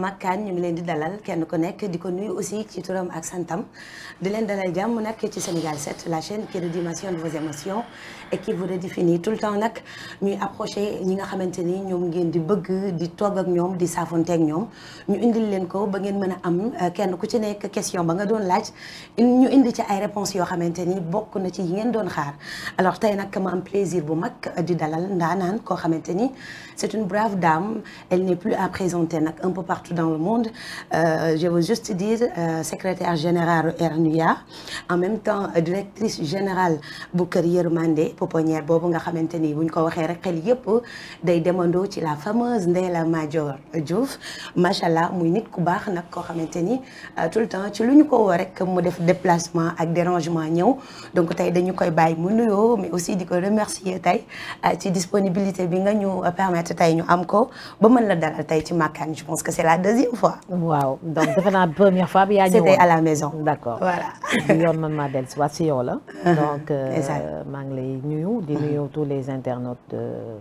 Makane ñu ngi leen di dalal kenn ku nekk di ko nuyu aussi ci turam ak santam di leen dalal jàmm nag ci Sénégal 7 la chaîne qui redimensionne vos émotions et qui vous redéfinit tout le temps nag ñu indil leen ko ba ngeen mën a am euh, kenn ku ci nekk question ba nga doon laaj ñu indi ci ay réponses yoo xamante ni bokk na ci yi ngeen doon xaar alors tey nag ma am plaisir bu mag di dalal ndaanaan koo xamante ni c'est une brave dame elle n'est plus à partout dans le monde. Euh, je veux juste dire euh, secrétaire générale en même temps directrice général bu Kër Yërmande pouponnière boobu nga xamante ni buñ ko waxee rek xel yëpp day demandoo ci la fameuse Ndella Madior Diouf macha allah muy nit ku baax nag koo xamante ni euh, tout le temps ci lu ñu ko woo rek mu def déplacement ak dérangement ñëw donc tey dañu koy bàyyi mu nuyoo mais aussi di ko remercier tey euh, ci disponibilité bi nga ñu euh, permettre tey ñu am ko ba mën la dalal tey ci Makkaan je pense deuxième fois. waaw donc defe naa première fois bi yaa ñëwoon. c'était à la maison. d'accord voilà. yoon man maa dellu si waat si yow la. donc euh, maa ngi lay nuyu di nuyu tous les internautes. Euh,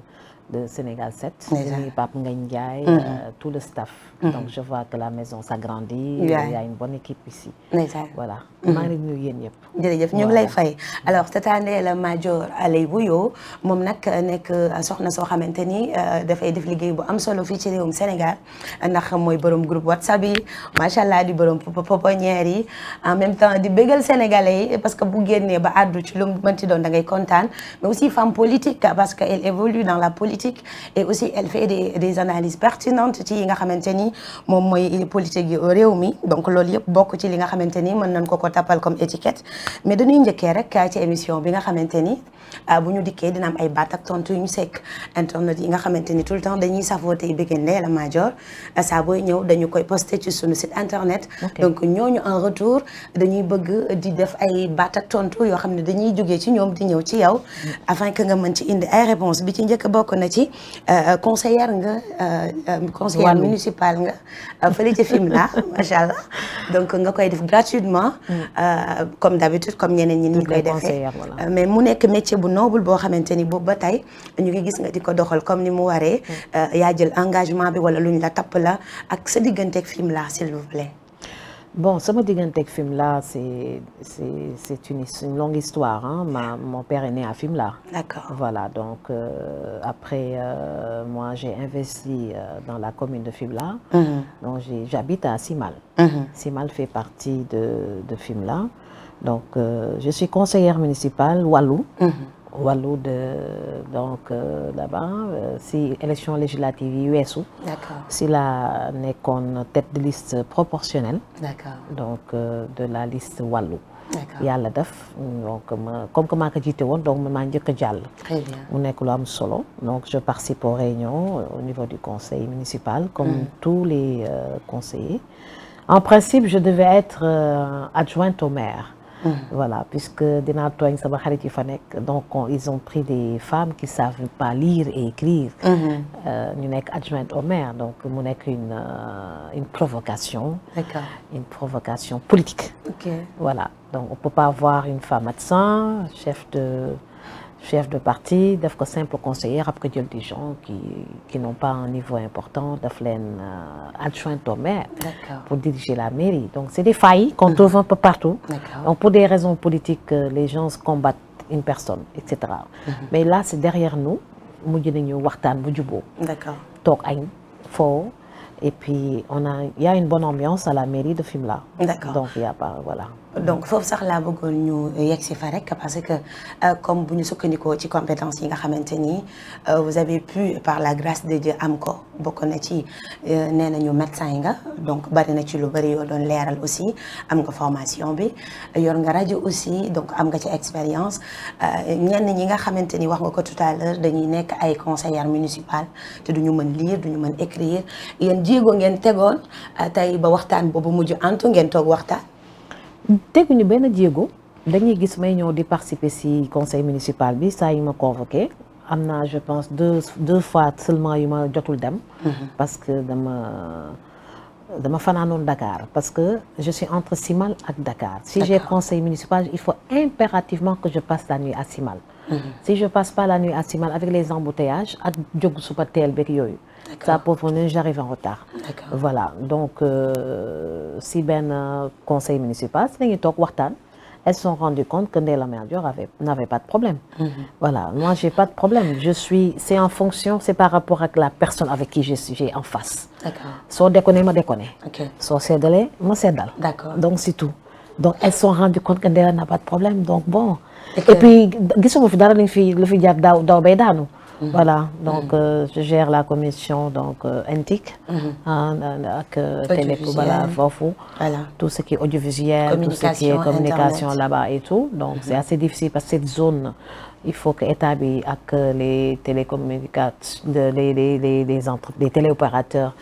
de Sénégal 7. déjà di nuyu Pape Ngagne Ndiaye. Mm-hmm. Euh, le staff. Mm-hmm. donc je vois que a une bonne équipe ici. voilà mm-hmm. maa fay alors cette année la Madior Aley Bouyo moom nag nekk euh, na soo xamante ni euh, dafay def liggéey bu am solo fii ci réewum Sénégal ndax mooy borom groupe WhatsApp yi macha allah di borom pouponnière yi en même temps di bégal Sénégalais yi parce que bu génnee ba àddu ci lu mu mën ci doon mais aussi femme politique parce que elle évolue dans la politique. politique et aussi elle fait des des analyses pertinentes ci yi nga xamante ni moom mooy politique yi réew mi donc loolu yëpp bokk ci li nga xamante ni mën nañ ko ko tappal comme étiquette mais dañuy njëkkee rek ci émission bi nga xamante ni ah, bu ñu dikkee dina ay baat ak yu ñu sekk internet yi nga xamante ni tout le temps dañuy savoote bëggee Ndella Madior ah, saa booy ñëw dañu koy posté ci sunu site internet donc ñooñu en retour dañuy bëgg di def ay baat ak tontu yoo xam ne dañuy jógee ci ñoom di ñëw ci yow mm. afin que nga mën ci indi ay ci euh, euh, conseillère nga euh, conseillère municipale nga fële ca Fimela macha allah donc nga koy def gratuitement mm. comme d'habitude comme ñeneen ñi ni ñu koy defee mais mu nekk métier bu noble boo xamante ni boobu ba tey ñu ngi gis nga di ko doxal comme ni mu waree mm. yaa jël engagement bi wala ñu la tapp la ak sa digganteek digganteeg Fimela s'il vous plaît Bon, sama digganteeg Fimela, c'est c'est c'est une une longue histoire hein. Ma mon père a né à Fimela. Voilà, donc euh, après euh, moi j'ai investi euh, dans la commune de Fimela. Mm -hmm. j'habite à Simal. Mhm. Simal fait partie de de Fimela. Donc euh, je suis conseillère municipale Walou. Mhm. wàllu de donc euh, là-bas euh, si élection législative yi weesu. si la nekkoon tête de liste proportionnelle. donc euh, de la liste wàllu. yàlla def donc ma comme que maa ko jiite woon donc man maa njëkk a jàll. mu nekk lu am solo donc je participe aux réunions au niveau du conseil municipal. comme mm. tous les euh, conseillers. en principe je devais être euh, adjointe au maire. Mmh. voilà puisque dinaa tooñ sama xarit yi fa nekk donc ils ont pris des femmes qui savent pas lire et écrire mmh. euh, ñu nekk adjointe au maire donc mu nekk une euh, une provocation une provocation politique okay. voilà donc on peut pas avoir une femme médecin chef de chef de parti def ko simple conseiller ab ko jël des gens qui qui n'ont pas un niveau important daf leen euh, adjoint au maire pour diriger la mairie donc c'est des failles qu'on trouve un peu partout donc pour des raisons politiques euh, les gens combattent une personne et cetera mhm. mais là c'est derrière nous mujj nañu waxtaan bu juboo toog añ foo et puis on a il y a une bonne ambiance à la mairie de Fimela donc il y a pas voilà donc foofu sax laa bëggoon ñu yegg si fa rek parce que euh, comme bu ñu sukkandikoo ci compétence yi nga xamante nii euh, vous avez pu par la grace de Dieu am ko bokk na ci euh, nee nañu médecin nga donc bari na ci lu bari yoo doon leeral aussi am nga formation bi yor nga rajo aussi donc am nga ci expérience ñenn ñi nga xamante ni wax nga ko tout à dañuy nekk ay conseillère municipale te du ñu mën du ñu mën écrire yéen jéego ngeen tegoon tey ba waxtaan boobu mujj antu ngeen toog waxtaan teguñu benn jéego dañuy gis may ñëw di participer si conseil municipal bi sa yu ma convoqué am naa je pense deux deux fois seulement yu ma jotul dem. Mm-hmm. parce que dama dama fanaanoon Dakar parce que je suis entre Simal ak Dakar. si j'ai conseil municipal il faut impérativement que je passe la nuit à Simal. Mm-hmm. si je passe pas la nuit à Simal avec les embouteillages ak jog suba teel beeg yooyu. ça pour problème j'arrive en retard voilà donc euh, si benn euh, conseil municipal si nañu toog waxtaan elles se sont rendues compte que Ndella Madior Dior avait n'avait pas de problème mm -hmm. voilà moi j'ai pas de problème je suis c'est en fonction c'est par rapport ak la personne avec qui je suis j'ai en face soo déconné ma déconné okay. soo seddalee ma seddal donc c'est tout donc elles se sont rendues compte que Ndella n'a pas de problème donc bon okay. et puis gisuma fi dara lañ fi lu fi jaar daaw daaw bay daanu Mm-hmm. voilà donc mm-hmm. euh, je gère la commission donc euh, NTIC. Mm-hmm. Euh, ak télé voilà foofu. voilà tout ce qui est audiovisuel. tout ce qui est communication là-bas et tout. donc c'est assez difficile parce que cette zone. il faut que état bi ak les télécommunications les les les les entre les téléopérateurs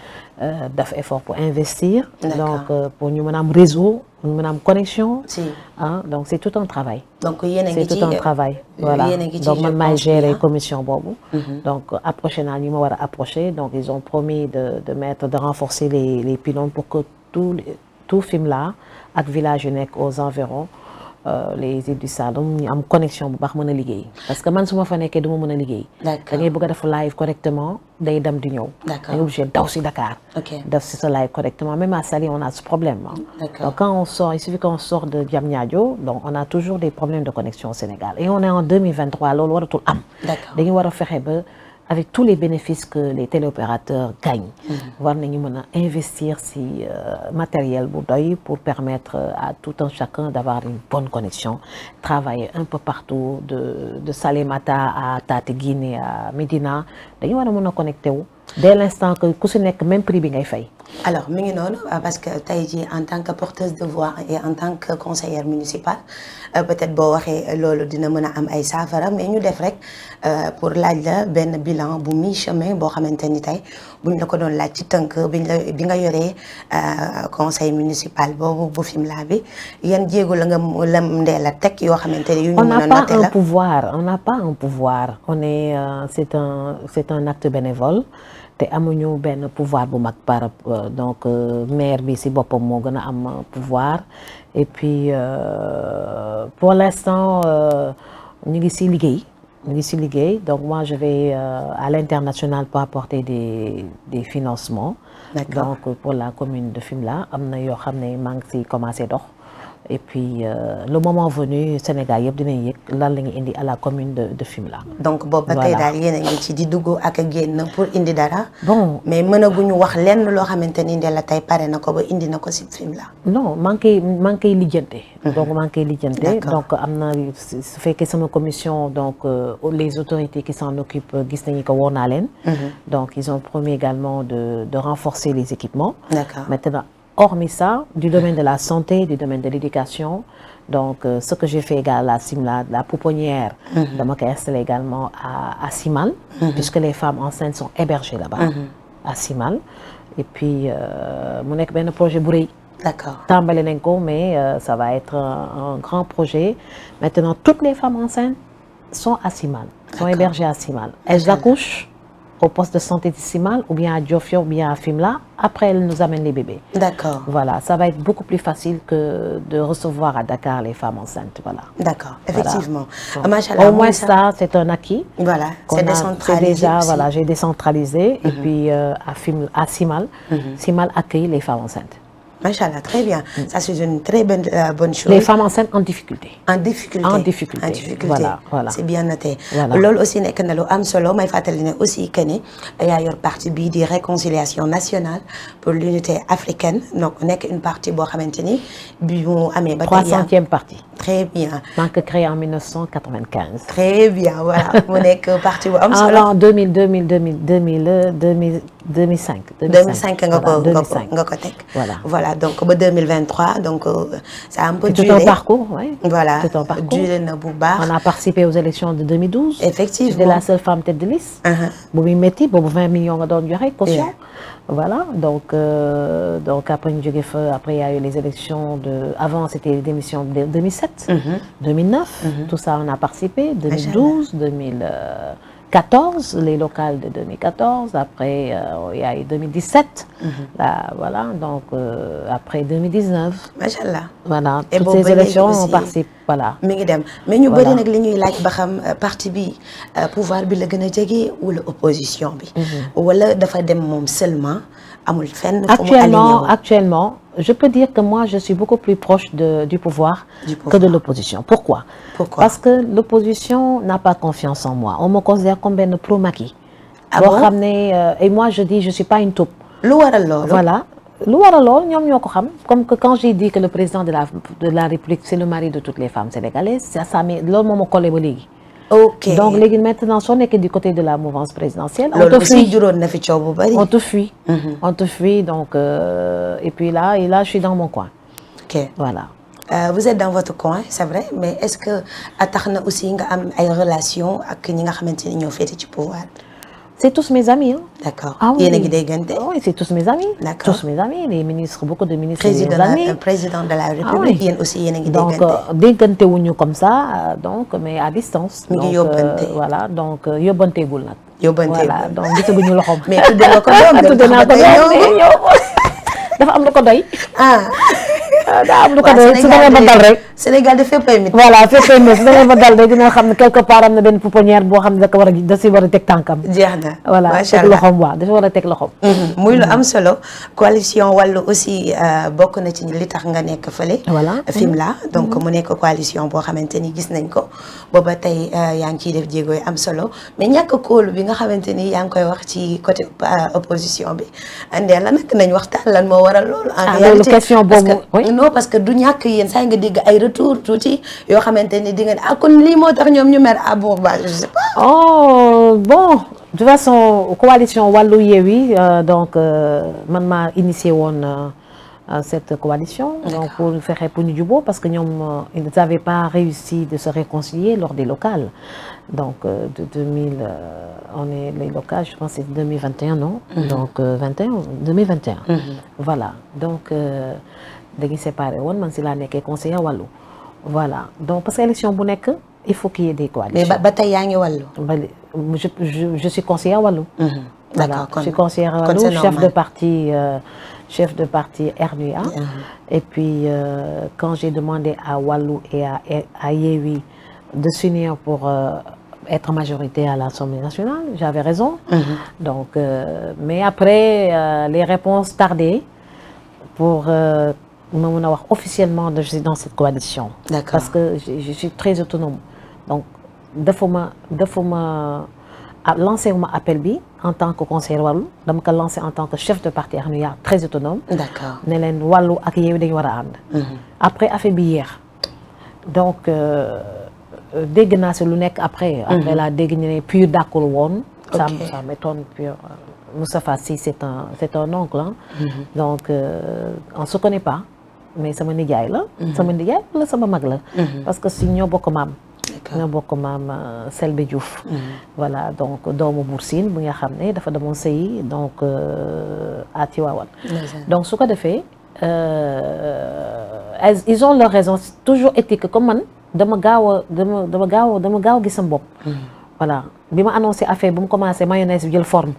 daf effort pour investir. donc pour ñu mën a am réseau. maanaam connexion. si ah donc c' est tout un travail. donc yéen a ngi ci c' est tout un travail. Euh, voilà donc man maay gérer commission boobu. Mhm. donc approché naa ñi ma war a approché donc ils ont promis de de mettre de renforcer les les pylônes pour que tout tout Fimela ak village yu nekk aux environs. Euh, les îles du Saloum ñu am connexion bu baax mën liggéey. parce que man su ma fa nekkee du ma mën liggéey. da ngay bëgg a live correctement day dem di ñëw. d' accord daw si Dakar. def si live correctement même à Saly on a ce problème donc quand on sort il suffit qu' donc on a toujours des problèmes de connexion au Sénégal on est en 2023 loolu waratul am. d' accord dañu avec tous les bénéfices que les téléopérateurs gagnent. Mmh. war nañu mën a investir ci euh, matériel bu doy pour permettre euh, à tout un chacun d'avoir une bonne connexion travailler un peu partout de de Salémata à Tataguine à Médina dañu war a mën a connecté wu. de l'instant ku si nekk même prix bi ngay fay. alors mi ngi noonu euh, parce que tey jii en tant que porteuse de voix et en tant que conseillère municipale euh, peut-être boo waxee loolu dina mën a am ay saafara mais ñu def rek euh, pour laaj la benn bilan bu mi-chemin boo xamante ni tey buñ la ko doon laaj ci tënk biñ la bi nga yoree conseil municipal boobu bu Fimela bi yan jéego la nga lam ndee la teg yoo xamante ne yu ñu mën a noté la on n'a pas un pouvoir on un pouvoir on est c'est un te amuñu benn pouvoir bu mag par euh, donc euh, maire bi si boppam moo gën a am pouvoir et puis euh, pour l'instant ñu ngi si liggéey ñu ngi si liggéey donc moi je vais à l'international pour apporter des des financements donc pour la commune de Fimela am na yoo xam ne maa si ci commencé dox et puis euh, le moment venu Sénégal yëpp dinañ yëg lan la ñu indi à la commune de de Fimela. donc boobu tey daal yéen a ngi ci di dugg ak a génn pour indi dara. bon mais mënaguñu wax lenn loo xamante ni Ndella tey pare na ko ba indi na ko si Fimela. non maa ngi koy maa ngi koy donc am na su fekkee sama commission donc euh, les autorités qui s'en occupent euh, gis nañu ko woo naa leen. Mhm. donc ils ont promis également de renforcer les équipements. d'accord hormis ça, du domaine de la santé, du domaine de l'éducation, donc euh, ce que j'ai fait également à la Simla, la pouponnière mm -hmm. de Mokaestel également à, à Simal, mm -hmm. puisque les femmes enceintes sont hébergées là-bas, mm -hmm. à Simal. Et puis, mon euh, ben projet Bourey. D'accord. Tambale mais euh, ça va être un, un, grand projet. Maintenant, toutes les femmes enceintes sont à Simal, sont hébergées à Simal. Elles accouchent au poste de santé décimale ou bien à Diofior ou bien à Fimela. Après, elle nous amène les bébés. D'accord. Voilà, ça va être beaucoup plus facile que de recevoir à Dakar les femmes enceintes. Voilà. D'accord, effectivement. Voilà. Donc, ah, au moins ça, c'est un acquis. Voilà, c'est décentralisé déjà, aussi. voilà, j'ai décentralisé. Mm -hmm. Et mhm. puis euh, à, Fim, à Simal, mm -hmm. Simal accueille les femmes enceintes. macha allah très bien. Mm. ça c'est une très bonne euh, bonne chose. les femmes enceintes en difficulté. en difficulté en difficulté, en difficulté. voilà voilà c'est bien noté. voilà loolu aussi nekk na lu am solo may fàttali ne aussi que ne yaa yor parti bii di réconciliation nationale pour l'unité africaine donc nekk une partie boo xamante ni bi mu amee. ba tey 300e parti. très bien. donc créé en 1995. très bien voilà mu nekk parti bu am solo. en 2000 2000 2000 2000 2000 2005. 2005 nga ko nga ko teg voilà voilà. voilà donc ba 2023 donc euh, ça a un peu duré tout un parcours oui. voilà tout un parcours duré na bu baax. on a participé aux élections de 2012. effectivement j'étais la seule femme tête de liste. Uh-huh. boobu métti boobu 20 millions nga doon joxe caution. voilà donc euh, donc après ñu jógee fa après il y a eu les élections de avant c'était les émissions de 2007. Mm -hmm. 2009. Mm -hmm. tout ça on a participé. 2012 2000. 2014, les locales de 2014, après euh, il y a eu 2017, mm -hmm. là, voilà, donc euh, après 2019. macha allah voilà Et toutes ces élections on participe voilà. mi ngi dem mais ñu bëri nag li ñuy laaj ba xam euh, parti bi euh, pouvoir bi la gën a jege wala opposition bi. Mhm. wala dafa dem moom seulement. amul fenn. actuellement actuellement je peux dire que moi je suis beaucoup plus proche de du pouvoir. Du pouvoir. que de l'opposition pourquoi. pourquoi parce que l'opposition n'a pas confiance en moi on me considère comme benn pro Macky. ah boo xam ne euh, et moi je dis je suis pas une taupe. lu waral loolu voilà. lu waral lool ñoom ñoo ko xam comme que quand j'ai dit que le président de la de la République c'est le mari de toutes les femmes sénégalaises ça ça mais loolu moo ma collé ba léegi. ok donc léegi maintenant soo nekkee du côté de la mouvance présidentielle. on te fuit juróon na fi coow bu bari. on te fuit. Mhm. on te fuit donc euh, et puis là et là je suis dans mon coin. ok voilà. Euh, vous êtes dans votre coin c'est vrai mais est-ce que tax na aussi nga am ay relations ak ñi nga xamante ni ñoo féete ci pouvoir. C'est tous mes amis. Hein. D'accord. Ah oui. Ah oui, c'est tous mes amis. D'accord. Tous mes amis, les ministres, beaucoup de ministres. Président, les amis. président de la ah République, il y a aussi Donc, euh, dégante ou comme ça, euh, donc, mais à distance. Donc, euh, voilà, donc, yobante goul nak. Yobante Voilà, donc, gis bu ñu loxom. Mais tudé na ko dom, tudé na ko dom. Dafa am lu ko doy. Ah. Da am lu ko doy, su da nga bandal rek. Sénégal de fépp ay métti. voilà fépp ay métti da dal de dina xam ne quelque part am na benn pouponnière boo xam ne da war a a teg tànkam. jeex na voilà teg loxoom mhm. muy lu mhm. am solo coalition wàllu aussi euh, bokk na ci li tax nga nekk fële. voilà la mhm. donc mu nekk coalition boo xamante ni gis nañ ko booba tey euh, yaa ngi ciy def jéego yu am solo mais ñàkk kóolu bi nga xamante ni yaa ngi koy wax ci côté euh, opposition bi andee la nag nañ waxtaan lan moo waral loolu. en ah, réalité question boobu non parce que du ñàkk yéen saa nga dégg de tuur tuuti yoo xamante ni di ngeen ah kon lii moo tax ñoom ñu mer à Bourba je sais pas. oh bon de toute façon coalition wàllu Yewwi euh, donc euh, man maa initié woon. Euh, cette coalition donc pour fexe pour ñu juboo parce que ñoom ils n'avaient pas réussi de se réconcilier lors des locales donc de 2000 on est les locales je pense c'est 2021 non mm -hmm. donc 21 2021 mm -hmm. voilà donc euh, dañuy séparé woon man si laa nekkee conseiller wàllu voilà donc parce que élection bu nekk il faut qu'il y ait des coalitions. mais ba tey yaa ngi wàllu. ba je je suis conseiller wàllu. Mhm. d'accord kon je suis conseillère wàllu chef de parti euh, chef de parti RNUA. Mm -hmm. et puis euh, quand j'ai demandé à Wàllu et à à Yewwi de s'unir pour euh, être majorité à l'Assemblée nationale j'avais raison. Mm -hmm. donc euh, mais après euh, les réponses tardaient pour. Euh, ma mën a wax officiellement je suis dans cette coalition. parce que je, je suis très autonome donc dafa ma dafa ma ah, lancé wu ma appel bi en tant que conseiller wàllu dama ko lancé en tant que chef de parti Hanouya très autonome. ne leen wàllu ak Yewwi dañu war a ànd. Mm-hmm. après affaire bi yeex donc euh, dégg naa si lu nekk après. Mm-hmm. après la dégg ñu ne pur d'accord woon. ok ça ça m'étonne pur. Moustapha Sy c'est un oncle mm-hmm. Donc euh, on se connaît pas. mais sama nijaay la. sama nijaay la sama mag la. parce que si ñoo bokk maam. ñoo bokk maam Selbe voilà donc doomu Boursine bu nga xam ne dafa demoon sëyi donc à Tivaouane. donc su ko defee ils ont leur raison toujours éthique comme man dama gaaw a dama dama gaaw dama gaaw gis sama bopp. Mm. voilà bi ma annoncé affaire bu mu commencé mayonnaise bi jël forme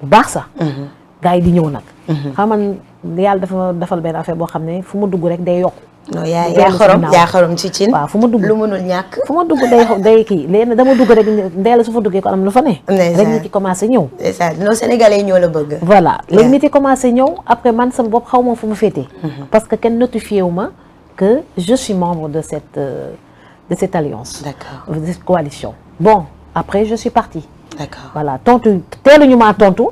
bu baax sax. Mm-hmm. gars yi di ñëw nag. Mhm. xam man yàlla dafa ma defal benn affaire boo xam ne fu ma dugg rek day yokk. non yaa xorom ci cin. waaw fu ma dugg lu mënul ñàkk. fu ma dugg day day kii léegi dama dugg rek ndeyla su fa duggee ko am lu fa ne. rek ñi ci commencé ñëw. c'est non sénégalais yi ñoo la bëgg. voilà léegi ñi ci commencé ñëw après man sama bopp xaw ma fu ma féetee. Mhm. parce que kenn notifié wu ma que je membre de cette euh, de cette alliance. d'accord de cette coalition. bon après je suis partie. d'accord voilà ma tontu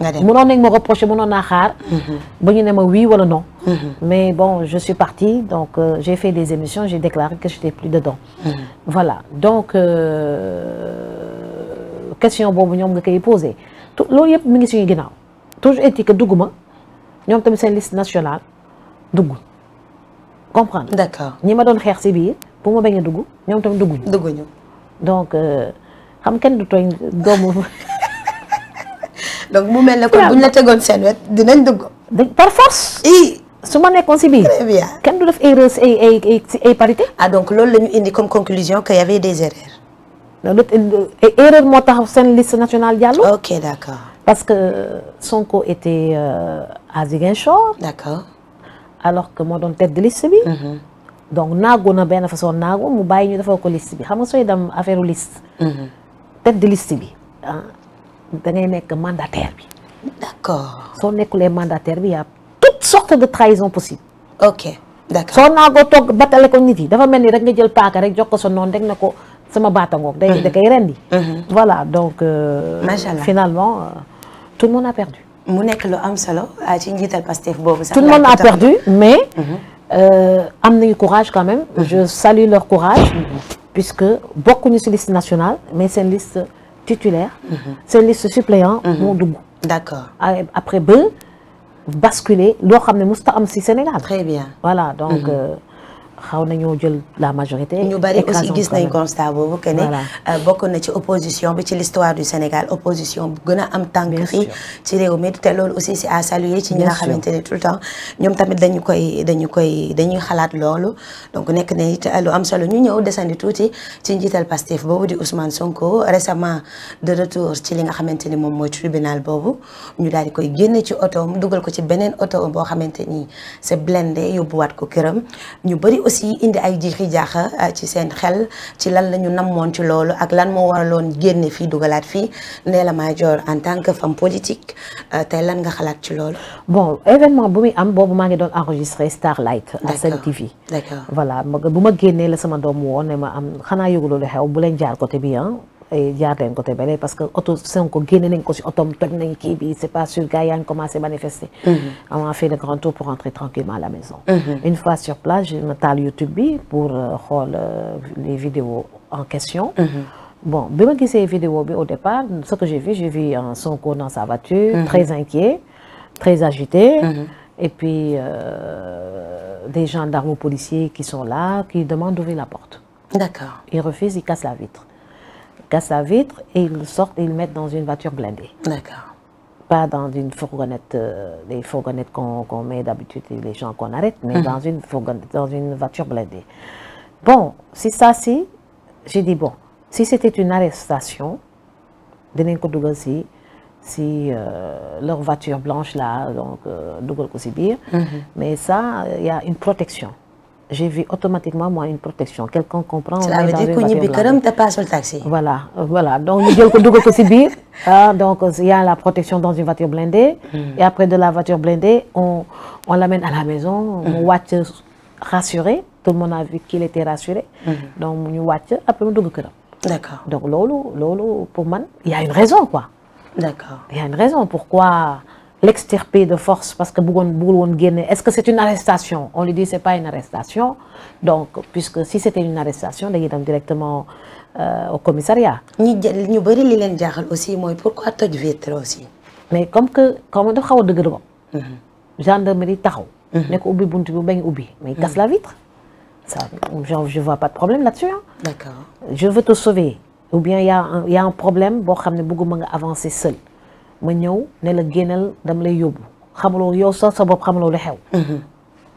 mënoon nañ ma reproché mënoon naa xaar mhm. ba ñu ne ma oui wala non mhm. mais bon je suis partie donc euh, j'ai fait des émissions j'ai déclaré que j'étais plus dedans mhm. voilà donc euh, question boobu ñoom nga koy posé loolu yëpp mi ngi si ginnaaw toujours est-il que dugg ma ñoom tamit seen liste nationale dugg comprendre d'accord ñi ma doon xeex si biir bu ma bañ a dugg ñoom tamit dugguñu dugguñu donc euh, xam kenn du tooñ doomu donc mu mel ne kon buñ la tegoon seen wet dinañ dugg. par force. i su ma nekkoon si biir. kenn du def erreur si ay ay ay parité. ah donc loolu la ñu indi comme conclusion que y avait des erreurs. loolu erreur moo tax seen liste nationale jàll. ok d' accord. parce que Sonko était euh, à Ziguinchor. d' accord. que moo doon tête de liste bi. Mm-hmm. donc naagu na benn façon naagu mu bàyyi ñu defal ko liste bi xam nga sooy dem affaire liste. Mm -hmm. bi da ngay nekk mandataire bi. d'accord soo nekkulee mandataire bi y a toutes sortes de trahison possible. ok d'accord soo naagoo toog batale ko nit yi dafa mel ni rek nga jël paaka rek jox ko sa noonu rek na ko sama baatangoog. day mhm. da koy rendi. Mhm. voilà donc. Euh, macha allah finalement euh, tout le monde a perdu. mu nekk lu am solo ah, ci njiital Pastef boobu sax. tout le a perdu mais. Mhm. Euh, am nañu courage quand même. je salue leur courage. puisque bokkuñu ci liste nationale mais seen liste. titulaire. Mhm. seen liste suppléant. Mhm. moo dugg. d'accord après ba basculer loo xam ne musta am si Sénégal. très bien voilà donc. Mhm. Euh, xaw nañoo jël la majorité. ñu bari aussi gis nañ constat boobu que ne. Euh, bokk na ci opposition bi ci l'histoire du Sénégal opposition bu gën a am tànk fii ci réew mi loolu aussi si à saluer ci ñi nga xamante ne tout le temps ñoom tamit dañu koy dañu koy dañuy xalaat loolu donc nekk na it euh, lu am solo ñu ñëw desandi tuuti ci njiital Pastef boobu di Ousmane Sonko récemment de retour ci li nga xamante ni moom mooy tribunal boobu ñu daal di koy génne ci mu dugal ko ci beneen oto boo xamante ni c'est yóbbu waat ko këram ñu bari aussi indi ay jiixi jaaxa euh, ci seen xel ci lan la ñu namoon ci loolu ak lan moo waraloon génne fii dugalaat fii Ndella Madior en tant que femme politique euh, tey lan nga xalaat ci loolu. bon événement bu muy am boobu maa ngi doon enregistré Starlight. à Sen TV. d'accord voilà bu ma génnee la sama doom woon ne ma am xanaa yogu lu xew bu leen jaar côté bi jaar leen côté bële parce que oto Sonko génne nañ ko si otom toj nañ kii bi c'est pas commencé manifester. on mhm. a fait le grand tour pour rentrer tranquillement à la maison. Mhm. une fois sur place je me taal YouTube pour euh, xool euh, les vidéos en question. Mhm. bon bi ma gisee vidéo au départ ce que j'ai vu j'ai vu dans sa voiture. très inquiet très agité. et euh, des gendarmes policiers qui sont là qui demandent d'ouvrir la porte. d'accord ils la vitre. cassent la vitre et ils le sortent et ils le mettent dans une voiture blindée. D'accord. Pas dans une fourgonnette, euh, les fourgonnettes qu'on qu met d'habitude et les gens qu'on arrête, mais mmh. dans, une fourgonnette, dans une voiture blindée. Bon, si ça, si, j'ai dit, bon, si c'était une arrestation, dinañ ko dugal si si euh, leur voiture blanche là donc euh, dugal ko si biir. Mhm. mais ça il y a une protection. j'ai vu automatiquement moi une protection quelqu'un comprend. on est dans une voiture taxi. voilà voilà donc ñu jël ko dugal ko ci ah, donc il y la protection dans une voiture blindée. Hmm. et après de la voiture blindée on l'amène à la maison. mu hmm. wàcc rassuré tout le monde a vu qu'il était rassuré. Hmm. donc ñu wàcc après mu dugg këram. d'accord donc loolu pour man il y a une raison quoi. d'accord il une raison pourquoi. l'extirper de force parce que bëggoon bëggul woon génne est-ce que c'est une arrestation on lui dit c'est pas une arrestation donc puisque si c'était une arrestation directement euh, au commissariat. ñi ñu bëri li leen jaaxal aussi mooy pourquoi toj vitre aussi. mais comme que comme dafa xaw a dëgër ba. Mhm. gendarmerie taxaw. Mhm. ne ko ubbi buntu bi bañ ubbi. mais il casse mhm. la vitre. ça genre je vois pas de problème là-dessus hein. je veux te sauver. ou bien y a un problème boo xam ne bëgguma nga avancer seul. ma ñëw ne la génnal dama lay yóbbu xamuloo yow sa sa bopp xamuloo lu xew mm-hmm.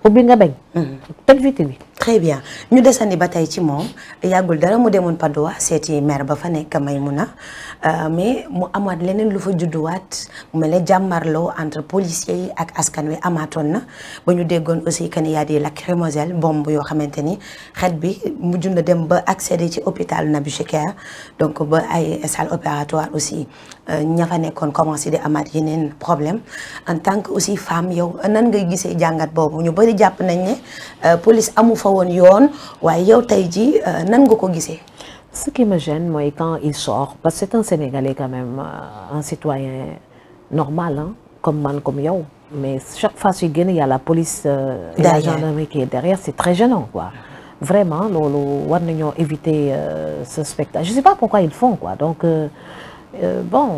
ubbi nga bañ mm-hmm. tëj vitre bi très bien ñu desandi ba tey ci moom yàggul dara mu demoon Padoa seeti maire ba fa nekk mun Maymuna euh, mais mu amaat leneen lu fa judduwaat mu mel ne jàmmarloo entre policiers yi ak askan wi amaatoon na ba ñu déggoon aussi que ni yaa di lacrymogène bomb yoo xamante ni xet bi mu jund dem ba accéder ci hôpital Nabouchekère donc ba ay sale opératoire aussi euh, ña fa nekkoon commencé di amaat yeneen problème en tant que aussi femme yow nan ngay gisee jàngat boobu ñu bëri nañ euh, woon yoon waaye yow tey ji euh, nan nga ko gisee ce qui me gêne mooy quand il sort parce que c'est un Sénégalais quand même euh, un citoyen normal hein, comme man comme yow mais chaque fois suy génn y a la police euh, et la gendarmerie qui est derrière c'est très gênant quoi vraiment loolu war nañoo éviter euh, ce spectacle je sais pas pourquoi ils font quoi donc euh, euh bon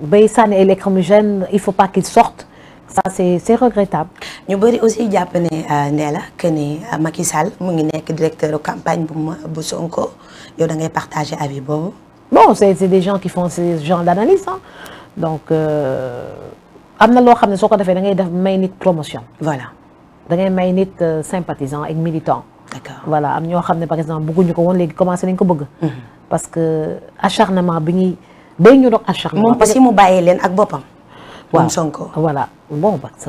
bay sànni électromigène il faut pas qu'ils sortent ça c'est c'est regrettable. ñu bëri aussi jàpp ne euh, nee la que ni euh, Macky Sall mu ngi nekk directeur campagne bu bu Sonko yow da ngay partager avis boobu. bon c'est c'est des gens qui font ce genre d'analyse donc euh, am na loo xam ne soo ko defee da ngay def may nit promotion. voilà da ngay may nit sympathisant ak militant. d'accord voilà am ñoo xam ne par exemple bëgguñu ko woon léegi commencé nañ ko bëgg. Mm-hmm. parce que acharnement bi ñuy bay ñu doog acharnement. moom aussi mu bàyyi leen ak boppam. waaw bon, parce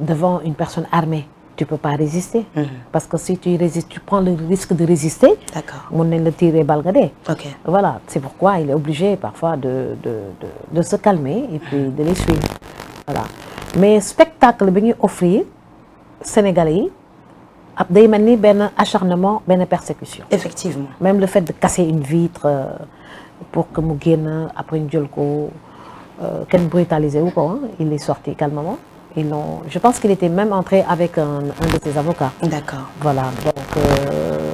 devant une personne armée, tu ne peux pas résister. Mm -hmm. Parce que si tu résistes, tu prends le risque de résister. D'accord. On le tirer balgadé. Ok. Voilà, c'est pourquoi il est obligé parfois de, de, de, de se calmer et puis mm -hmm. de les suivre. Voilà. Mais spectacle venu offrir Sénégalais, day mel ni benn acharnement benn persécution. effectivement même le fait de casser une vitre euh, pour que mu génn après ñu jël ko. Euh, kenn brutalisé wu ko il est sorti calmement ils l'ont je pense qu'il était même entré avec un, un de ses avocats. d'accord voilà donc euh,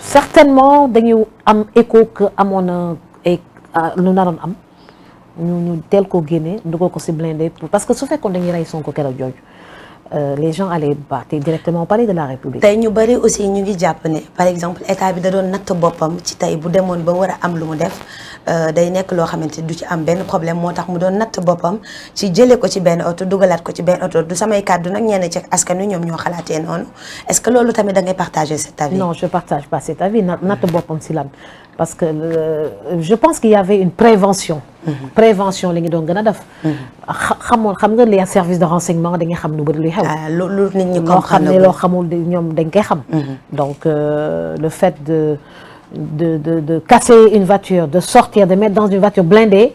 certainement dañu am écho que amoon na ay ah, lu naroon am ñu ñu teel ko génne dugal ko ci blindé pour parce que su fekkoon dañuy rey Sonko keroog jooju. Euh, les gens allaient partir directement au palais de la République. tey ñu bëri aussi ñu ngi jàpp ne par exemple état bi da doon natt boppam ci tey bu demoon ba war a am lu mu def euh, day nekk loo xamante du ci am benn problème moo tax mu doon natt boppam ci jële ko ci benn oto dugalaat ko ci benn oto du samay kàddu nag ñeen ci askan wi ñoom ñoo xalaatee noonu est-ce que loolu tamit da ngay partager cet avis. non je partage pas cet avis natt boppam si lan. parce que euh, je pense qu'il y avait une prévention mhm. prévention li ngi doon gën a def mhm. xamoon xam nga les services de renseignement dañuy xam lu bëri luy xew ah, lu nit ñi loo xam ne loo xamul ñoom dañ koy xam mhm. donc euh, le fait de de de de casser une voiture de sortir de mettre dans une voiture blindée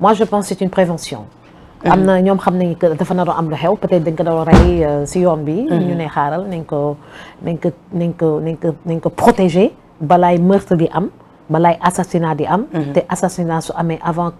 moi je pense c'est une prévention am na ñoom xam nañu que dafa naroon am lu xew peut-être dañ ko doon rey euh, si yoon bi. ñu ne xaaral nañ ko nañ ko nañ ko nañ ko nañ ko protéger balaay meurtre bi am. balay assassinat di am. Mhm. te assassinat su amee avant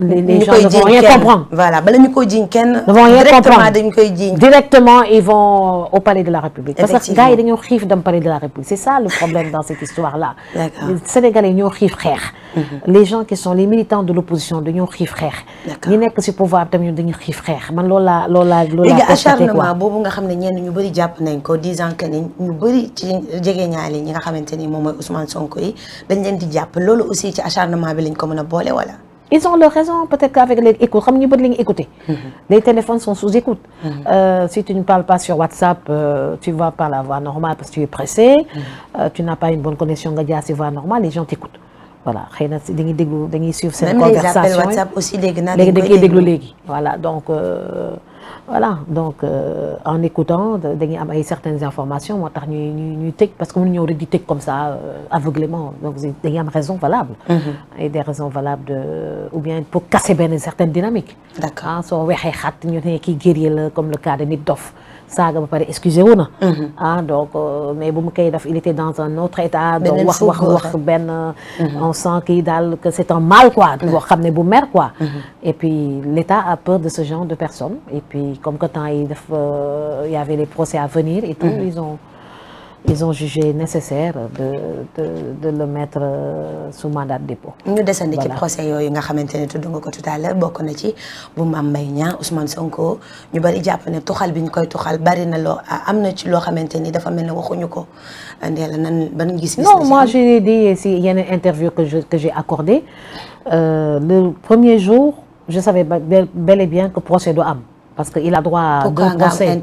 les, les gens ne vont rien Ken. comprendre. Voilà, bala ñu koy jiiñ kenn. ne vont rien comprendre directement dañu koy jiiñ. directement ils vont au palais de la République. parce que gars yi dañoo xiif dem palais de la République c'est ça le problème dans cette histoire là. d'accord Sénégalais ñoo xiif xeex. Mhm. les gens qui sont les militants de l'opposition dañoo xiif xeex. d'accord ñi nekk ci pouvoir bi tamit dañu xiif xeex man loolu laa loolu laa loolu laa acharnement boobu nga xam ne ñenn ñu bëri jàpp nañ ko disant que ni ñu bëri ci jegeñaale ñi nga xamante ni moom mooy Ousmane Sonko yi dañ leen di jàpp loolu aussi ci acharnement bi lañ ko mën a boole wala ils ont leur raison peut-être qu'avec les écoute xam ñu bëri la ñu écouter mm-hmm. les téléphones sont sous écoute mm -hmm. euh, si tu ne parles pas sur WhatsApp euh, tu vas par la voie normale parce que tu es pressé mm -hmm. euh, tu n'as pas une bonne connexion nga jaar si voie normale les gens t'écoutent voilà xëy na dañuy déglu dañuy suivre seen conversation même les appels WhatsApp aussi dégg naa léegi dañ koy déglu léegi voilà donc euh, voilà donc euh, en écoutant dañuy am ay certaines informations moo tax ñuy ñuy ñuy tëj parce que mënuñoo rek di tëj comme ça euh, aveuglément donc dañuy am raison valable mhm. et des raisons valables de ou bien pour casser benn certaine dynamique d'accord ah, soo waxee xat ñu ne kii guerrier la comme le cas de nit dof saaga ba pare excusé wu na. Mhm. ah donc euh, mais bu mu koy def il était dans un autre état. donc wax wax wax benn. Mhm. on sent kii daal que c'est un mal quoi. boo xam ne bu mer quoi. Mhm. et puis l'État a peur de ce genre de personnes et puis comme que temps yi daf euh, y avait les procès à venir et tout ils ont. ils ont jugé nécessaire de de de le mettre sous mandat de dépôt. ñu desandi ci procès yooyu nga xamante ne tudd nga ko tout à l'heure bokk na ci bu Mame Mbaye Niang Ousmane Sonko ñu bari jàpp ne tuxal bi ñu koy tuxal bari na lo am na ci loo xamante ni dafa mel ne waxuñu ko Ndella nan na gis-gis. non moi j'ai dit si yenn interview que je accordé euh, le premier jour je savais bel, bel et bien que procès du am parce que a droit à. deux procès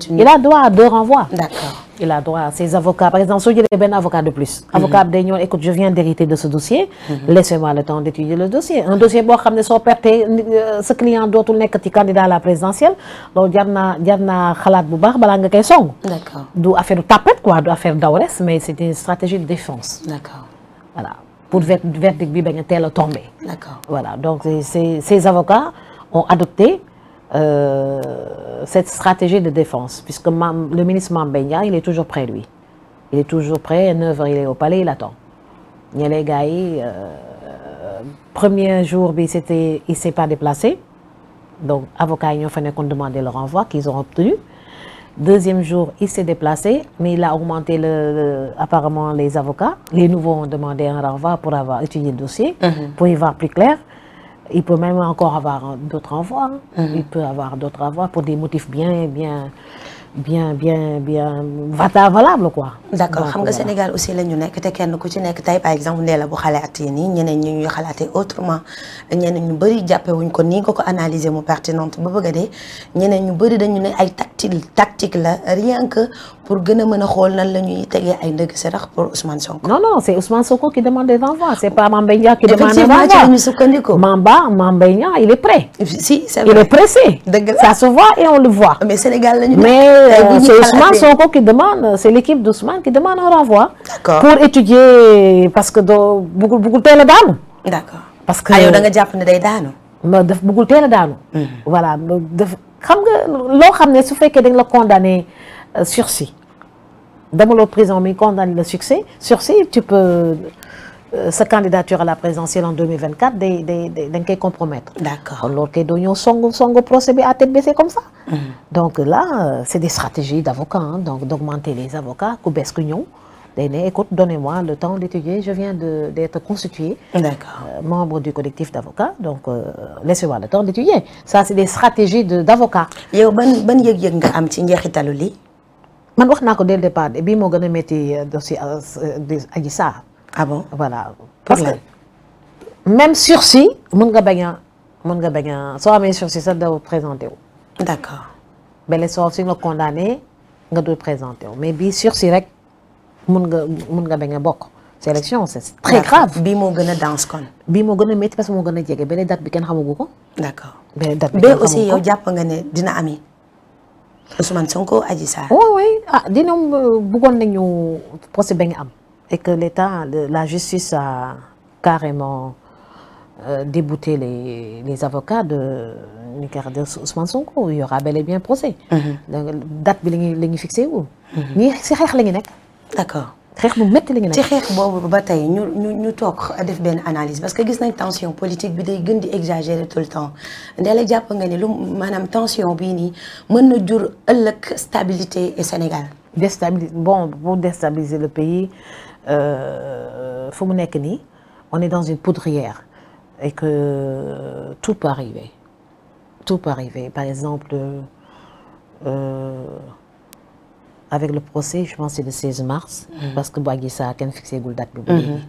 il a droit à ses avocats par exemple soo jëlee benn avocat de plus. Mhm. avocat bi écoute je viens d'hériter de ce dossier. Mhm. laissez-moi le temps d'étudier le dossier un dossier boo ne soo pertee sa euh, client dootul nekk ci candidat à la présidentielle loolu jar naa jar naa xalaat bu baax balaa nga koy song. d'accord du affaire tapette quoi du affaire dawres mais c'est une stratégie de défense. d'accord voilà pour verdict bi bañ a teel a tomber. d'accord voilà donc ces ces avocats ont adopté. Euh, cette stratégie de défense, puisque le ministre Mambenya, il est toujours près, lui. Il est toujours prêt, à 9 h il est au palais, il attend. les gars, euh, premier jour, il ne s'est pas déplacé. Donc, avocats ils ont demandé le renvoi qu'ils ont obtenu. Deuxième jour, il s'est déplacé, mais il a augmenté le, le, apparemment les avocats. Les nouveaux ont demandé un renvoi pour avoir étudié le dossier, mm -hmm. pour y voir plus clair. il peut même encore avoir d'autres envois. Mmh. Il peut avoir d'autres envois pour des motifs bien, bien bien bien bien valable quoi. d'accord xam nga Sénégal aussi la ñu nekk te kenn ku ci nekk tey par exemple nee bu xalaatee nii ñeneen ñi ñuy xalaatee autrement ko nii ko analyser mu pertinente ba bëgg a dee ñeneen ay tactique la rien que pour gën a mën a xool la ñuy tegee ay ndëgg sarax pour Ousmane Sonko. non non c'est Ousmane Sonko qui demande des renvois c'est pas Mame Mbaye Niang demande des renvois effectivement ci c'est vrai il et on le voit. mais Sénégal la ñu. Euh, euh, c'est Ousmane Sonko qui demande c'est l'équipe d'Ousmane qui demande un renvoi pour étudier parce que doo bugul bugul teel a daanu parce que ah, yow da nga jàpp ne day daanu ma daf bugul teel a daanu mm-hmm. voilà daf xam nga loo xam ne su fekkee dañ la condamné euh, sursis dama la prison mi condamné le succès sursis tu peux Euh, sa candidature à la présidentielle en 2024 day day dañ koy compromettre. d'accord kon loolu kay doo ñëw songu songu procès bi à tête baissée mm-hmm. euh, des stratégies d'augmenter les avocats ku bees ku ñëw. donnez-moi le temps d'étudier je viens de d'être constitué. d'accord euh, membre du collectif d'avocats donc euh, laissez-moi le temps d'étudier ça c'est des stratégies de d'avocats. yow ban ban yëg-yëg nga am ci njeexitalu lii. man wax naa ko dès le départ moo gën a métti dossier Adji ah bon voilà parce que même sursis mën nga bañ a mën nga bañ a soo amee sursis sax doo présenté wu. d' accord bele soo suñ la condamné nga doo présenté wu mais bii sursis rek mën nga mën nga bañ a bokk. sélection c' est très grave. bii moo gën a danse kon. bii moo gën a métti parce que moo gën a jege beneen date bi kenn xamagu ko. d' accord beneen date bi kenn xamagu ko aussi yow jàpp nga ne dina ami Ousmane Sonko Adji Sarr. waaw waay ah dina euh, bëggoon nañu procès ba nga am. et que l'État, la justice a carrément euh, débouté les, les avocats de Nicaragua Ousmane Sonko il y aura bel et bien procès. Mhm. date bi la ñuy la ñuy fixé wu. Mhm. nii si xeex la ñu nekk. d'accord xeex bu métti la ñu nekk. ci xeex boobu ba tey ñu ñu ñu toog def benn analyse parce que gis nañ tension politique bi day gën di exagérer tout le temps ndela jàpp nga ne lu maanaam tension bii nii mën na jur ëllëg stabilité et Sénégal. déstabiliser bon pour déstabiliser le pays. Euh, fu mu nekk nii on est dans une poudrière et que euh, tout peut arriver tout peut arriver par exemple euh, avec le procès je pense c'est le 16 mars. Mmh. parce que Boagy Sarr kenn fixé gul date bi. bu mhm. léegi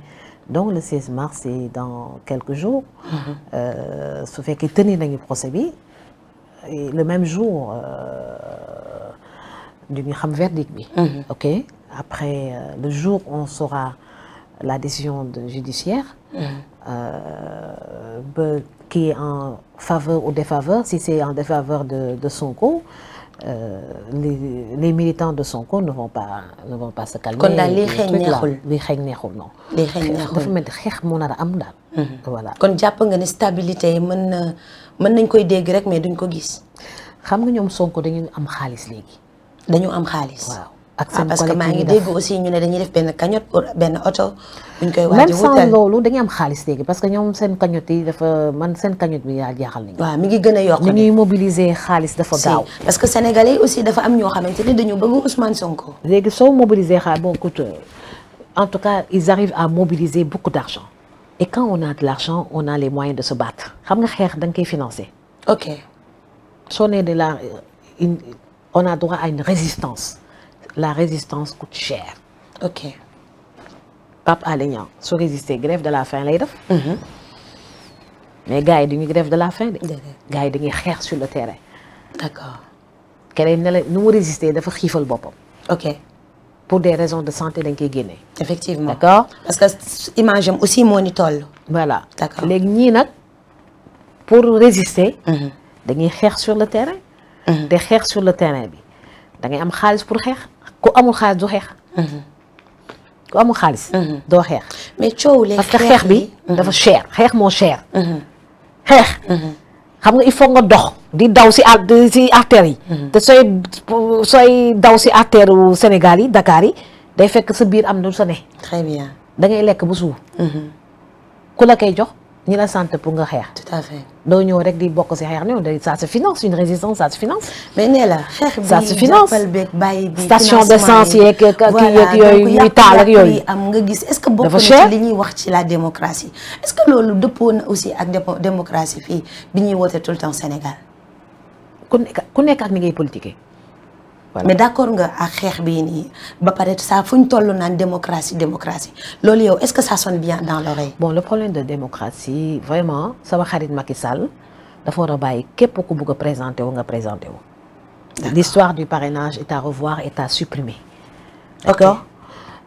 donc le 16 mars c'est dans quelques jours. Mhm. Euh, su fekkee tenir nañu procès bi le même jour. Euh, du ñu xam verdict bi. Mhm. ok après euh, le jour on saura la décision de judiciaire. Mhm. Euh, ba qui est en faveur ou défaveur si c'est en défaveur de de Sonko. Euh, les les militants de Sonko ne vont pas ne vont pas se calmer. kon daal liy xeeñ neexul liy xeeñ neexul non. liy xeeñ neexul dafa mel ni xeex moo nar a am daal. voilà kon jàpp nga ni stabilité yi mën na mën nañ koy dégg rek mais duñ ko gis. xam nga ñoom Sonko dañu am xaalis léegi. dañu am xaalis. waaw ak ah, seen parce que maa ngi dégg aussi ñu ne dañuy def benn cagnotte benn oto. buñ koy waaj a wutal loolu dañuy am xaalis léegi parce que ñoom seen cagnotte yi dafa man seen cagnotte bi yaa jaaxal nañu. waaw mi ngi gën a yokk ni ñuy mobiliser xaalis dafa gaaw. parce que sénégalais aussi dafa am ñoo xamante ni dañu bëgg Ousmane Sonko. léegi soo mobiliser xaalis bon écoute euh, en tout cas ils arrivent à mobiliser beaucoup d' argent. et quand on a de les moyens de se battre xam nga xeex da koy financer. ok on a droit à une résistance la résistance coûte cher. ok Pape Alé Niang su résister grève de la faim lay def. Mhm. mais gars yi dañuy grève de la faim de. gars yi dañuy xeex sur le terrain. d'accord keneen nu mu résister dafa xiifal boppam. ok pour des raisons de santé dañ koy génne. effectivement d'accord parce que image am aussi moo ni toll. voilà d'accord léegi ñii nag pour résister. Mhm. dañuy xeex sur le terrain. te xeex sur le terrain bi da ngay am xaalis pour xeex ku amul xaalis du xeex. ku amul xaalis. doo xeex. mais coow xeex bi mhm. dafa cher xeex moo cher. Mhm. xeex. Mhm. xam nga il foog nga dox di daw si ar si artères yi. te sooy daw si artère wu Sénégal yi dakaar yi day fekk sa biir am na lu sa ne. très da ngay lekk ba suur. ku la koy jox. ñi la sant pour nga xeex. tout à fait doo ñëw rek di bokk si xeex ñëw de ça se finance une résistance ça se finance. mais nee la xeex bi ça se finance station d'essence yeeg kii yeeg yooyu ñuy taal ak yooyu. am nga gis est-ce que bokk na ci li ñuy wax ci la démocratie est-ce que loolu dëppoo na aussi ak démocratie fii bi ñuy woote tout le temps Sénégal. ku nekk ku nekk ak ni ngay politiquer. mais d'accord nga ak xeex bi nii ba pare saa fu ñu toll naan démocratie démocratie loolu yow est-ce que ça sonne bi dans l'oreille bon le problème de démocratie vraiment sama xarit Macky Sall dafa war a bàyyi képp ku bugg a présenté wu nga présenté wu. l'histoire du parrainage est à revoir est à supprimer. d'accord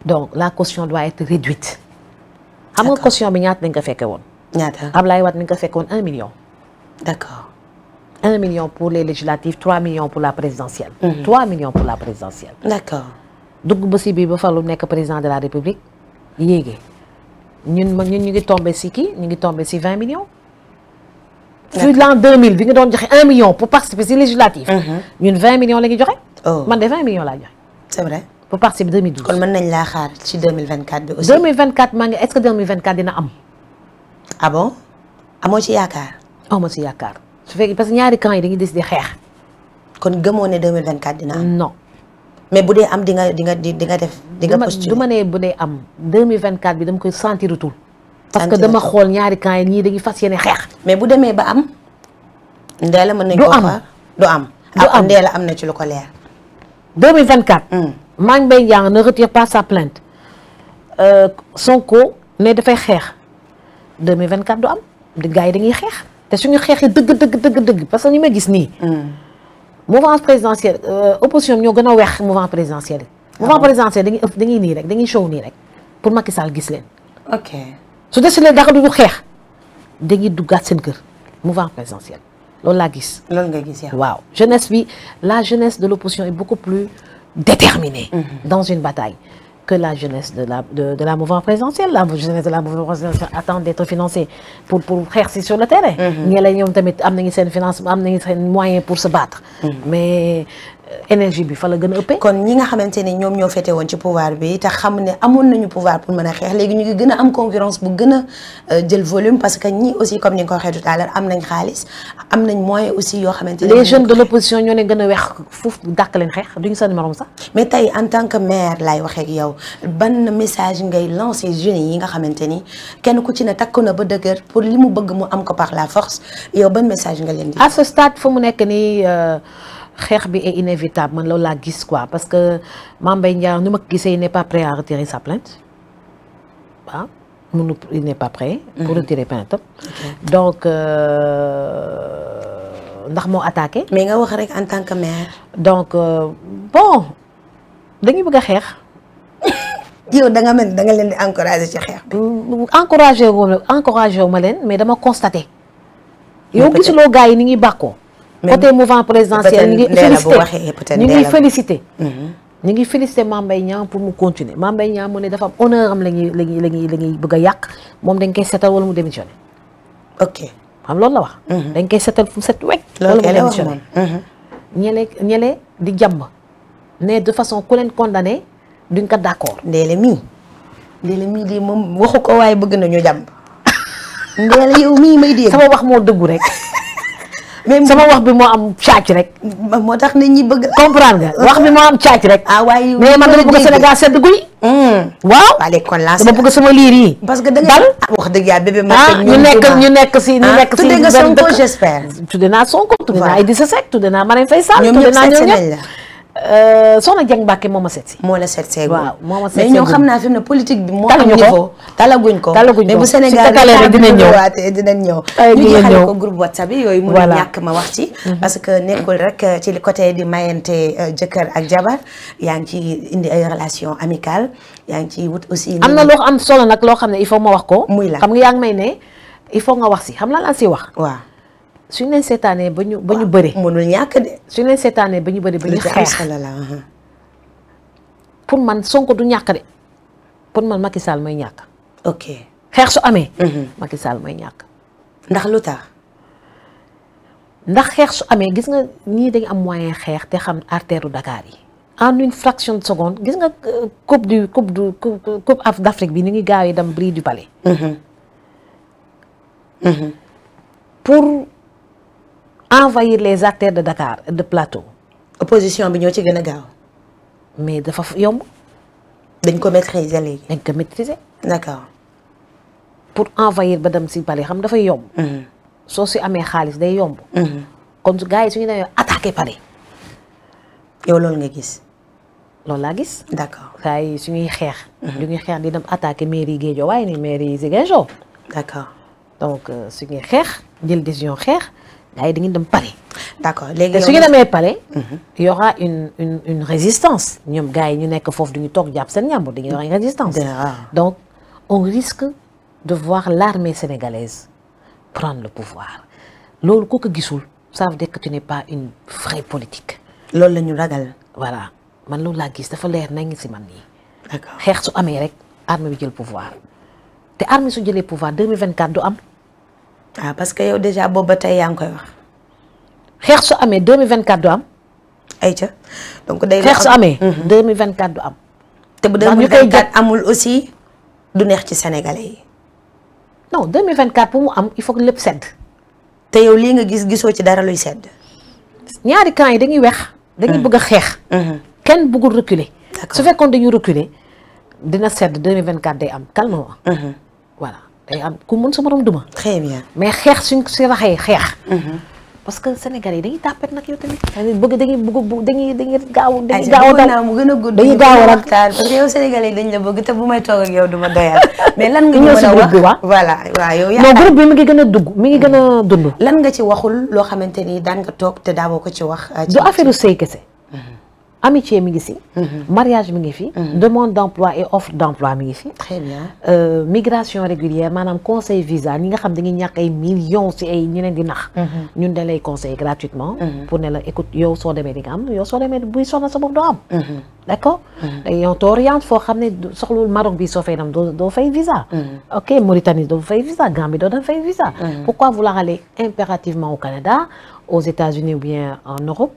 donc la caution doit être réduite. xam nga caution bi ñaata nañ ko fekkee woon. ñaata Ablaye Wade mi nga ko fekke woon un million. en million pou les législatives trois millions pour la présidentielle. Mhm. trois millions pour la présidentielle. d'accord dugg ba si biir nekk président de la république yéege ñun ñun ñu ngi tombé si kii ñu ngi tombé si vingt millions. sur l'an deux mille bi nga doon joxe un million pour participer si législative. Mhm. ñun vingt millions la ñu joxe. Oh. man de vingt millions laa joxe. c'est vrai pour participer 2012. kon mën nañ laa xaar ci 2024 bi aussi. 2024 maa ngi est-ce que 2024 dina am. ah bon amoo ci yaakaar. amoo ci yaakaar. su fekkee parce que ñaari camp yi dañuy di xeex. kon gëmoo ne 2024 dina am. no mais bu dee am di nga di nga di nga def. di nga postuler du ma ne bu dee am 2024 bi dama koy sentir tout. parce que dama xool ñaari yi ñii dañuy fas yéene xeex. mais bu demee ba am. Ndella mën nañ ko fa du am du am Ndella am na ci lu ko leer. vingt 2024. Mm. Mame Mbaye Niang na retire pas sa plainte. Euh, Sonko ne dafay xeex 2024 du am gars yi dañuy xeex. te suñu xeexee dëgg dëgg dëgg dëgg parce que ni ma gis nii. Mm. mouvance présidentielle euh, opposition bi ñoo gën a weex mouvance présidentielle yi. Ah. mouvance présidentielle dañuy ëpp dañuy nii rek dañuy show nii rek pour Macky Sall gis leen. ok su desulee dara du ñu xeex dañuy duggaat seen kër mouvance présidentielle loolu laa gis. loolu nga gis waaw jeunesse bi la jeunesse de l' opposition est beaucoup plus déterminée. Mm-hmm. dans une bataille. que la jeunesse de la, de, de la mouvement présidentielle. La jeunesse de la mouvement présidentielle attend d'être financée pour, pour exercer sur le terrain. Mm-hmm. Nous avons des financement, des moyens pour se battre. Mm-hmm. Mais énergie bi fa la gën a ëppee. kon ñi nga xamante ñoom ñoo fete woon ci pouvoir bi te xam ne amoon nañu pouvoir pour mën a xeex léegi ñu ngi gën a am concurrence bu gën a euh, jël volume parce que ñi aussi comme ni nga ko waxee tout à am nañ xaalis am nañ moyen aussi yoo xamante leen xeex yi nga xamante ni kenn ku ci ne takku na ba dëgër pour li mu bëgg mu am ko par la force yow ban message nga leen di. à ce stade fu mu nekk nii. Euh, xeex bi est inévitable man loolu laa gis quoi parce que Mame Mbaye Niang ni ma ko gisee ne n'est pas à retirer sa plainte waaw munu il n'est pas prêt pour mhm. retirer plainte donc euh, ndax moo attaqué mais nga wax rek en tant que maire donc euh, bon dañu bëgg a xeex yow da nga mel da nga leen di encouragé ci xeex bi euh, encouragé wu encouragé wu ma leen mais dama constaté yow gisuloo gars yi ni ñuy bàkkoo côté mouvement présidentiel ñu ngi félicité mhm. ñu ngi félicité Mame Mbaye Niang pour mu continuer Mame Mbaye Niang mu ne dafa am honneur am la ñuy bëgg a yàq moom dañ koy setal wala mu démissionné ok xam loolu la wax mhm. dañ koy setal fu set wecc wala mu démissionné mhm. ñele ñele di jàmb ne de façon ku leen condamné duñ ko d'accord ndeele mii ndeele mii di moom waxu ko waaye bëgg nañu jàmb ndeele yow mii may di sama wax moo dëggu rek sama wax bi moo am caac rek. moo tax nit ñi bëgg. comprendre nga wax bi moo am caac rek. ah waaye mais man dama bëgg Sénégal sedd guy. Hmm. waaw allez bëgg sama liir yi. parce que da ah, wax dëgg yàlla bébé ma ah, ñu nekk ñu nekk si ñu ah, nekk si. tudde nga Sonko j'espère. tudde naa Sonko tudde naa Idrissa Seck tudde naa Marème Faye Sall tudde naa ñoom ñëpp Euh, soxna Dieng Mbacke moo ma seet si. moo la seet see waaw moo ma seet see mais ñoo xam naa ne politique bi. moo am ko talaguñ ko mais bu Sénégal bi dinañ ñëw waatee dinañ ñëw. ñu yooyu. voilà ma wax ci. Mm-hmm. parce que nekkul rek euh, ci côté di mayante euh, jëkkër ak jabar yaa ngi ci indi ay relation amicale yaa ngi ciy wut aussi. am na am solo nag loo xam ne il faut ma wax ko. muy la xam nga yaa ngi may ne il faut nga wax si xam la am si wax. waaw suñ leen seetaanee ba ñu ba ñu bëri. mënul ñàkk de. suñ leen seetaanee ba ñu bëri ba ñu xeex uh-huh. pour man Sonko du ñàkk de pour man Macky Sall may ñàkk. ok xeex su amee. Mm-hmm. Macky Sall may ñàkk. ndax lu tax. ndax xeex su amee gis nga ñii dañu am moyen xeex te xam artère Dakar yi. en une fraction de seconde gis nga euh, coupe du coupe du af d'Afrique bi ni ngi yi dem bris du palais. Mm-hmm. Mm-hmm. envahir les artères de Dakar de plateau. opposition bi ñoo ci gën a gaaw. mais dafa yomb. dañ ko maîtriser léegi. dañ ko maîtriser. d'accord. pour envahir ba dem si palais xam dafay yomb. Mm-hmm. soo si amee xaalis day yomb. kon mm-hmm. gars yi su ñu demee attaqué palais. yow loolu nga gis. loolu laa gis. d'accord gars yi su mm-hmm. ñuy xeex. ñu ngi xeex di dem attaqué mairie Guédiawaye ni mairie Ziguinchor. d'accord donc euh, su ñuy xeex jël décision xeex. gars yi dañuy dem palais. d'accord léegi te su ñu demee palais. Mhm. y aura une une une résistance. ñoom gars yi ñu nekk foofu du ñu toog jàpp seen ñàmbur dañuy aura une résistance. donc on risque de voir l'armée sénégalaise prendre le pouvoir loolu ku ko gisul ça veut dire que tu pas une vraie politique. loolu la ñu ragal. voilà man loolu laa gis dafa leer nañ si man nii. d'accord xeex su amee rek armée bi jël pouvoir te armée su jëlee pouvoir 2024 du am. waaw ah, parce que yow déjà boobu ba tey yaa ngi koy wax. xeex su amee vingt 2024 du am. ca donc day. xeex su amee. Mhm. vingt 2024 du am. te bu 2024 amul aussi du neex ci sénégalais yi. non 2024 pour mu am il faut que lépp sedd. te yow lii nga gis gisoo ci dara luy sedd. ñaari camp yi dañuy weex. dañuy mhm. bëgg a xeex. Mhm. kenn bëggul reculer. su fekkoon dañuy reculer dina sedd vingt 2024 day am calme wa day eh, am ku mën sa morom duma. très bien mais xeex suñ si raxee xeex. Mhm. parce que Sénégal yi dañuy tàppet nag yow tamit. dañuy bëgg dañuy bëgg dañuy dañuy a mu gën a gudd. dañuy gaaw a waxtaan parce yow Sénégal yi dañ la bëgg te bu may toog ak yow du ma doyal. mais lan nga ñu mën a wax voilà waaw yow yaa non groupe ngi gën a dugg mi ngi gën a dund. lan nga ci waxul loo xamante ni daan nga toog te daawoo ko ci wax. du affaire sëy kese. Mhm. amitié mi ngi si. Mhm. mariage mi ngi fi. Mhm. demande d' emploi et offre d' mi ngi fi. très bien euh, migration régulière maanaam conseil visa ñi nga xam dañuy ñàkk ay millions si ay ñu leen di nax. Mhm. ñun dañ lay conseiller gratuitement. pour ne la écoute yow soo demee di nga am yow soo demee buy soxla sa bopp doo am. d' accord. yow foo xam ne soxlawul Maroc bi soo fay dem doo doo fay visa. ok Mauritanie doo fay visa Gambie doo dem fay visa. pourquoi vouloir aller impérativement au Canada aux bien en Europe.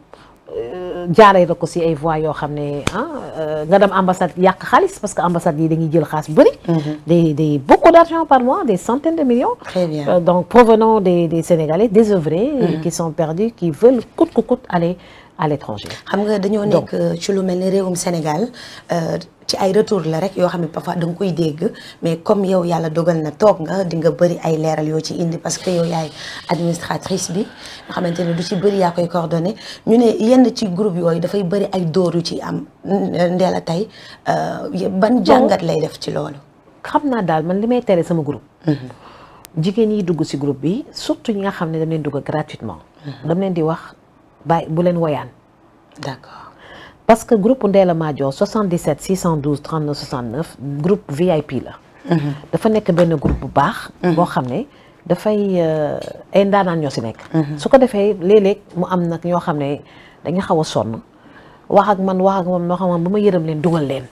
Euh, jaaree la ko si ay voies yoo xam ne ah euh, nga dem ambassade yàq xaalis parce que ambassade yi dañuy jël xaalis bu bëri. Mm-hmm. des des beaucoup d' argent par mois des centaines de millions. Euh, donc provenant des Sénégalais désœuvrés. Mm qui sont perdus qui veulent coûte que aller. à xam nga dañoo nekk euh, ci lu mel ni réewum Sénégal euh, ci ay retour la rek yoo xam ne parfois da nga koy dégg mais comme yow yàlla dogal na toog nga di nga bëri ay leeral yoo ci indi parce que yow yaay administratrice bi nga xamante ne du ci bëri yaa koy coordonné ñu ne yenn ci groupe yooyu dafay bëri ay dóor yu ci am euh, ndeel a tey ban jàngat lay def ci loolu xam naa daal man li may tere sama groupe mhm. jigéen yi dugg si groupe bi surtout ñi nga xam ne dam leen dugg gratuitement mhm. dam leen di wax bàyyi bu leen woyaan. d'accord parce que groupe Ndella Madior 77 612 39 69 groupe VIP la. Mhm. dafa nekk benn groupe bu baax. Mhm. boo xam ne dafay euh, ay ndaanaan ñoo si nekk. Mhm. su ko defee léeg-léeg mu am nag ñoo xam ne dañu xaw sonn wax ak man wax ak man moo xam ne ba ma yërëm leen dugal leen.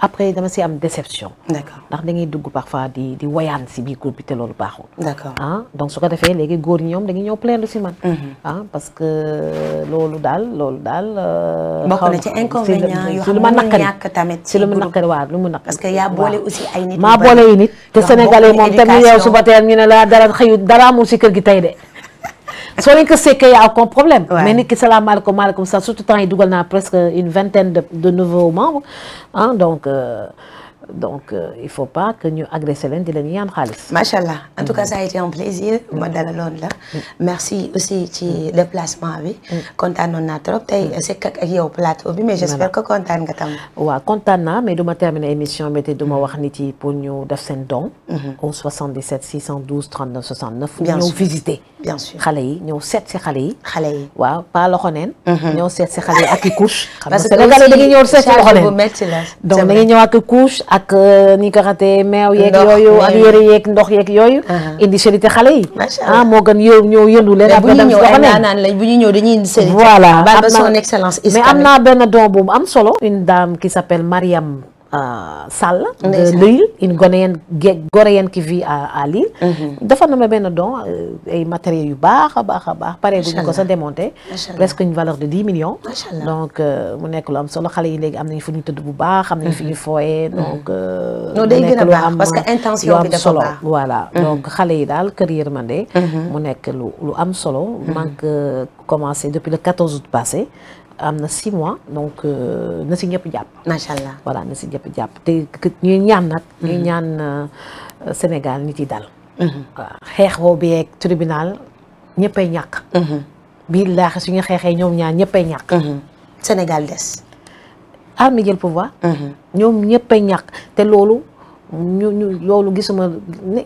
après dama si am déception. d'accord ndax dugg parfois di di woyaan si biir groupe bi te loolu baaxul. Ah, donc su ko defee léegi góor ñi ñoom dañuy ñëw si man. Mhm. ah parce que loolu daal loolu daal. Euh, bokk na ci inconvénient yoo si lu mu nakkari waaw lu mu nakkari. parce que yaa boole aussi ay nit. maa boole yi si kër gi tey de. soo leen ko sekkee yaa encore problème mais nit ki salaamaaleykum maaleykum ça surtout temps yi dugal naa presque une vingtaine de de nouveaux membres ah donc euh, donc euh, il faut pas que ñu agressé leen di leen ñaan xaalis. macha en tout cas mm-hmm. ça a été un plaisir. Mm-hmm. la. Mm-hmm. merci aussi ci déplacement bi. kontaanoon naa trop tey sekk ak yow plateau bi mais j'espère que ma terminer émission bi te du ma wax nit yi pour ñu def seen don. visiter. bien sûr xale yi ñëw seet si xale yi. xale yi waaw pas loxo neen. ñëw seet si xale yi ak i couche. parce que aussi charge bu métti la donc da ak euh, ni ko xatee meew yeeg yooyu ak yëre yeeg ndox yeeg yooyu uh-huh. indi charité xale yi ah moo gën yow ñëw yëndu leen après dem doxa bu ñuy ñëw dañuy indi charité voilà son excellence mais am naa benn don bu am solo une dame qui s'appelle Mariam Euh, Sall. de Lille une gonéenne goréenne qui vit à à Lille. defar na ma benn don euh, ay matériels yu baax a baax a baax. pare bu ñu ko sa démonté. presque une valeur de dix millions. donc euh, mu nekk lu am solo xale yi léegi am nañu fu ñu tëdd bu baax. am nañu fi ñu mhm. fooyee mhm. donc. mu nekk lu am parce que intention bi solo baax voilà mhm. donc xale yi daal kër yërmande. mu nekk lu lu am solo. manque commencé depuis le 14 août passé. am na si mois donc na si ñëpp jàpp. macha allah voilà na si ñëpp jàpp te ñuy ñaan nag. ñuy ñaan Sénégal nit yi dal. xeex woo beeg tribunal ñëppay ñàkk. billaahi suñu xeexee ñoom ñaar ñëppay ñàkk. Mhm. Sénégal des. armée jël pouvoir. Mhm. ñoom ñëppay ñàkk te loolu. ñu ñu loolu gisuma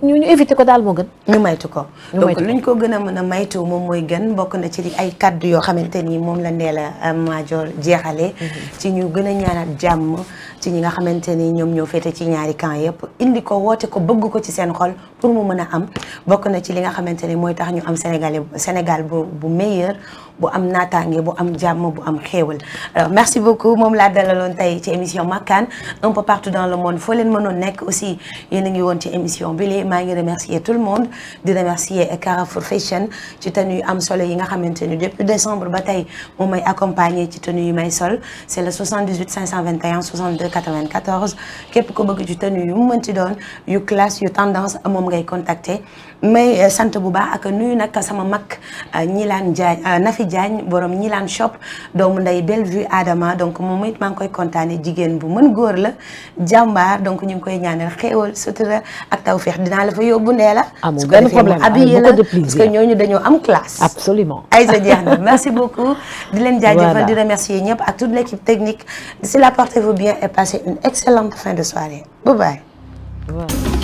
ñu ñu ko daal moo gën. ñu maytu ko. donc luñ ko gën a mën a maytu moom mooy gën bokk na ci li ay kàddu yoo xamante ni moom la Ndella Madior jeexale mhm. ci ñu gën a ñaanal jàmm ci ñi nga xamante ni ñoom ñoo féete ci ñaari camp yëpp indi ko woote ko bëgg ko ci seen xol pour mu mën a am bokk na ci li nga xamante ni mooy tax ñu am Sénégal Sénégal bu bu meilleur. bu am naataange bu am jàmm bu am xéewal alors merci beaucoup moom laa dalaloon tey ci émission Makkaan un partout dans le monde foo leen mënoon nekk aussi yéen a ci émission bi léegi maa ngi remercier tout le monde di remercier Carrefour Fashion ci tenue am solo yi nga xamante ni depuis décembre ba tey moom may accompagner ci tenue yi may sol c'est le 78 521 62 94 képp ko bëgg ci tenue yu mu mënti doon yu classe yu tendance moom ngay contacter may eh, sant bu baax ak nuyu nag sama mag eh, ñilaan Diagne eh, Nafi Diagne borom ñilaan shop doomu nday Bellevue Adama donc moom it maa ngi koy kontaane jigéen bu mën góor la jàmbaar donc ñu ngi koy ñaanal xéewal sutura ak tawféex dinaa la fa yóbbu ndee la. amul benn problème habillé la parce que ñooñu dañoo am classe. absolument ay sa jeex na merci beaucoup. di leen jaajëfal di remercier ñëpp ak toute l' équipe technique d'ici là portez-vous bien et passez une excellente fin de soirée bye bye.